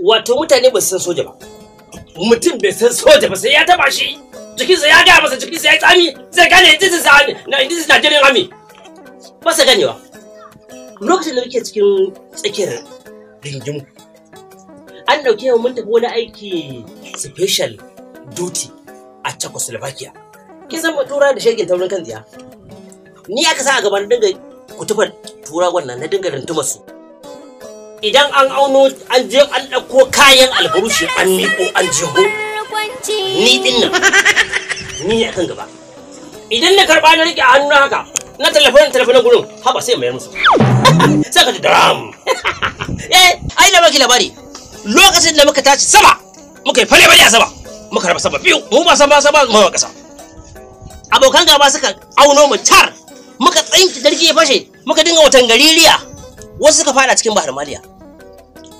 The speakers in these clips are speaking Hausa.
Wato mutane ba su san soja ba. Mutum bai san soja ba sai ya taba shi. Jikinsa ya gaya masa jikinsa ya yi tsami zai gane this is army na this is Nigerian army. Ba sa ganewa. Lokacin da muke cikin tsakiyar rigimu, an dauke mu mun tafi wani aiki special duty a Czechoslovakia. Kin san mu tura da shegin taurin kan tsiya. Ni aka sa a gaban dinga kutubar turawan nan na dinga rintuma su. idan an auno an je an ɗauko kayan alburushi an ko an jiho ni din nan ni ne akan gaba idan na karɓa na riƙe a hannu haka na talafi na na gurin haba sai mayar musu sai ka ji daram eh ai na baki labari lokacin da muka tashi sama muka yi fare bari a sama muka raba sama biyu mu ba sama sama mu ba kasa abokan gaba suka auno mu char muka tsayin darki ya fashe muka dinga watan gaririya wasu suka fada cikin bahar maliya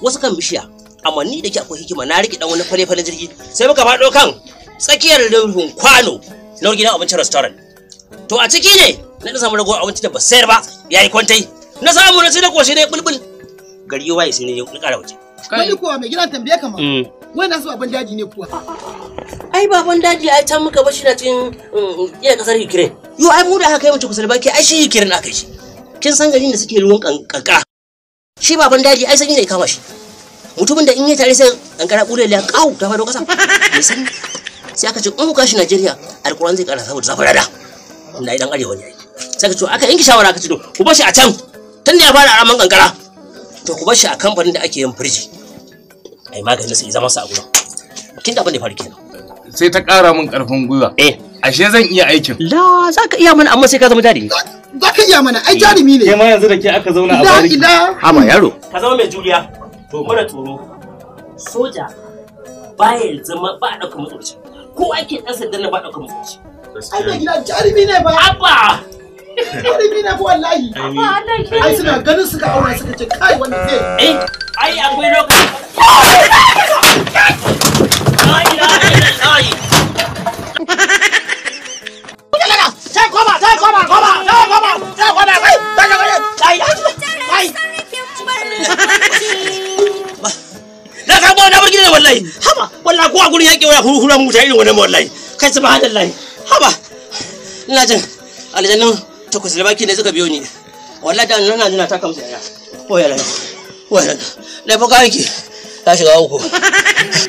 wasu kan bishiya amma ni da ke akwai hikima na riƙe dan wani fale-falen jirgi sai muka faɗo kan tsakiyar rufin kwano na gidan abincin restaurant to a ciki ne na da samu ragowar abinci da ba sayar ba yayi kwantai na samu na sai na koshi dai bulbul gari ya waye sai ne na ƙara waje wani kuwa mai gidan tambaye kama mm. wai na so a daji ne kuwa ai baban daji ai can muka bashi na cikin mm, mm, iya kasar ukraine yo ai mu da haka kai mutu kusa da baki ai shi ukraine aka shi kin san garin da suke ruwan kankara shi baban daji ai sanyi zai kama shi mutumin da in yi tare sai kankara kure da kawo ta fado kasa sai aka ce in ka shi Najeriya alƙur'an zai kara saboda zafin rada na idan arewa ne sai ka ce aka yanki shawara aka ce to ku bar shi a can tun da ya fara araman kankara to ku bar shi a kamfanin da ake yin firji ai maganin sai zama sa a gudu. kin da abin da faru kenan sai ta ƙara min ƙarfin gwiwa eh ashe zan iya aikin la za ka iya mana amma sai ka zama jari za ka iya mana ai jarumi ne ma yanzu da ke aka zauna a bariki ida haba yaro ka zama mai juriya to mara tsoro soja baya zama ba dauka mutunci ko ake dan sanda na ba dauka mutunci ai da gida jarumi ne ba abba jarumi ne ba wallahi ai suna ganin suka aure suka ce kai wanda zai eh ai akwai lokaci ko a gurin yaƙi waya hurhura mu irin wannan wallahi kai subhanallahi haba ina jin aljannan takwas da baki ne suka biyo ni wallahi da nan ta kamsa ya wayala wayala na fa kake ta shiga uku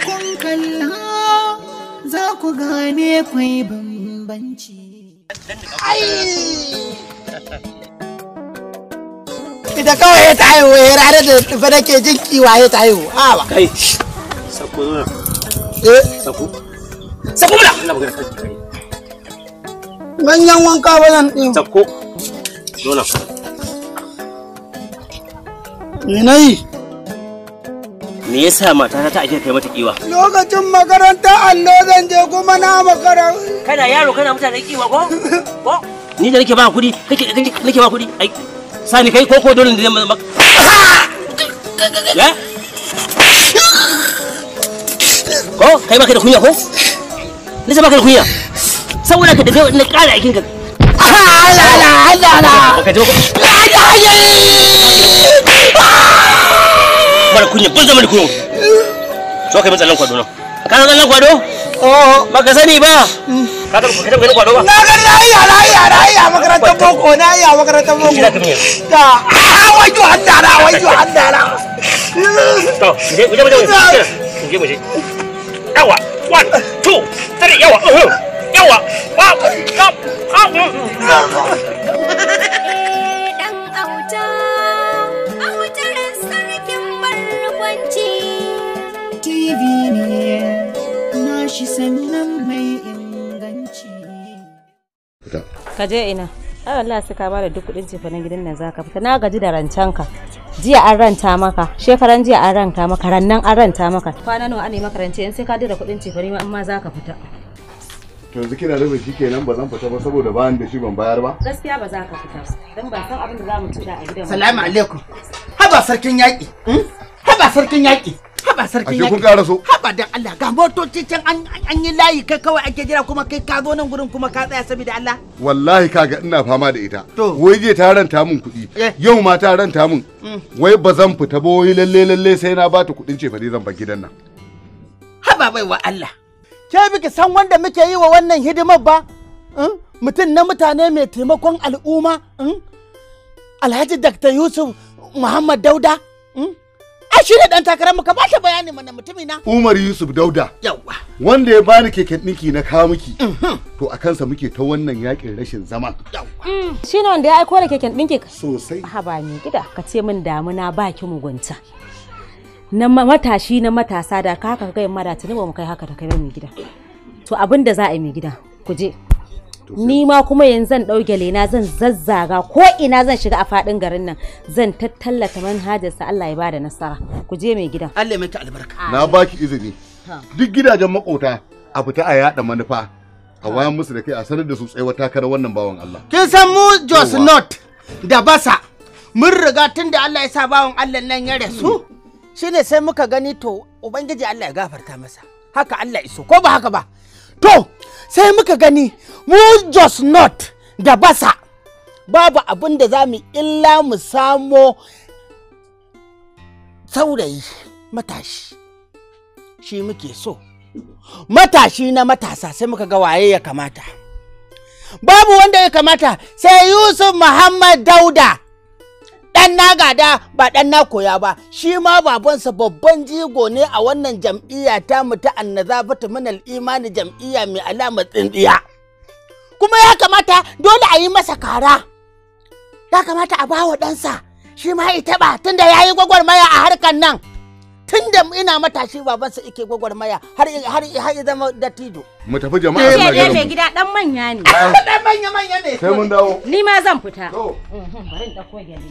kun kalla za ku gane kai bambanci ai ita kawai ta haihu ya eh, rana da tafi nake jin kiwaye ta haihu kai eh saku saku ganyen wanka ba nan din saku dole me nayi me yasa matata ta ake kai mata kiwa lokacin makaranta allo zan je kuma na makaranta. kana yaro kana mutane kiwa ko ko ni da nake ba kuɗi kake nake ba kuɗi ai sani kai ko ko dole ne zan ya oh kai baka da kunya ko b'a baka da kunya saboda ka daga na ƙara aikin ka ala ala ala ala mara kunya ban zama da kunya so kai matsalan kwado nan ka san tsallan kwado oh baka sani ba ka ta ka ta kwado ba na ga na iya na iya na a makarantar boko na iya makarantar boko ta wajo ju wajo haddara to je je je je je yawa one two three yawa uh-huh. yawa up up up shi sannan mai inganci. Ka je ina? Ai Allah sai ka bada duk kudin cefa na gidan nan zaka fita. Na gaji da rancen ka. jiya an ranta maka shekaran jiya an ranta maka rannan an ranta maka kwana nawa ne makarance in sai ka dira kuɗin cefari ma in ma za ka fita yanzu kina rubu shi kenan ba zan fita ba saboda ba da shi ban bayar ba gaskiya ba za ka fita dan ban san abin da za mu tuda a gidan salamu alaikum haba sarkin yaki hmm? haba sarkin yaki ba sarkin yaki a ƙara so haba dan Allah ga motoci can an yi layi kai kawai ake jira kuma kai ka zo nan gurin kuma ka tsaya sabida Allah wallahi kaga ina fama da ita to wai je ta ranta min kuɗi eh. yau ma ta ranta min mm. wai ba zan fita ba wai lalle lalle sai na bata kuɗin ce fari zan ba gidan nan haba bai wa Allah ke biki san wanda muke yi wa wannan hidimar ba mm? mutum na mutane mai taimakon al'umma mm? alhaji dr yusuf muhammad dauda shi ne dan takarar mu ka ba ta bayani mana mutumi Umar Yusuf Dauda yawa wanda ya bani keken ɗinki na kawo miki mhm. to a kansa muke ta wannan yakin rashin zama mm. shi ne wanda ya aiko da keken dinki sosai haba ni gida ka ce min damuna baki mugunta na matashi na matasa da ka haka kai mara tuni ba mu kai haka da kai mai gida to abin da za a yi mai gida ku je ni ma kuma yanzu zan dauke lena zan zazzaga ko ina zan shiga a fadin garin nan zan tattallata manhajarsa Allah ya bada nasara ku je mai gidan Allah ya miki albarka na baki izini duk gidajen makota a fita a yada manufa a wayan musu da kai a sanar da su tsayuwar takarar wannan bawan Allah kin san mu Jos Not da Basa mun riga tun da Allah ya sa bawan Allah nan ya rasu shine sai muka gani to ubangiji Allah ya gafarta masa haka Allah iso ko ba haka ba to sai muka gani mu just not da basa babu abin da za mu illa mu samo saurayi matashi shi muke so matashi na matasa sai muka ga waye ya kamata babu wanda ya kamata sai yusuf muhammad dauda ɗan na ba ɗan na ba shi ma babansa babban jigo ne a wannan jam'iyya ta mu ta annazafatu min imani jam'iyya mai alamar tsindiya. kuma ya kamata dole a yi masa kara ya kamata a bawa ɗansa shi ma ya taɓa tunda ya yi gwagwarmaya a harkan nan tunda ina matashi babansa ike gwagwarmaya har har har zama dattijo mu tafi jama'a na garin mai gida dan manya ne dan manya manya ne sai mun dawo ni ma zan fita to mm-hmm, bari in dauko gyale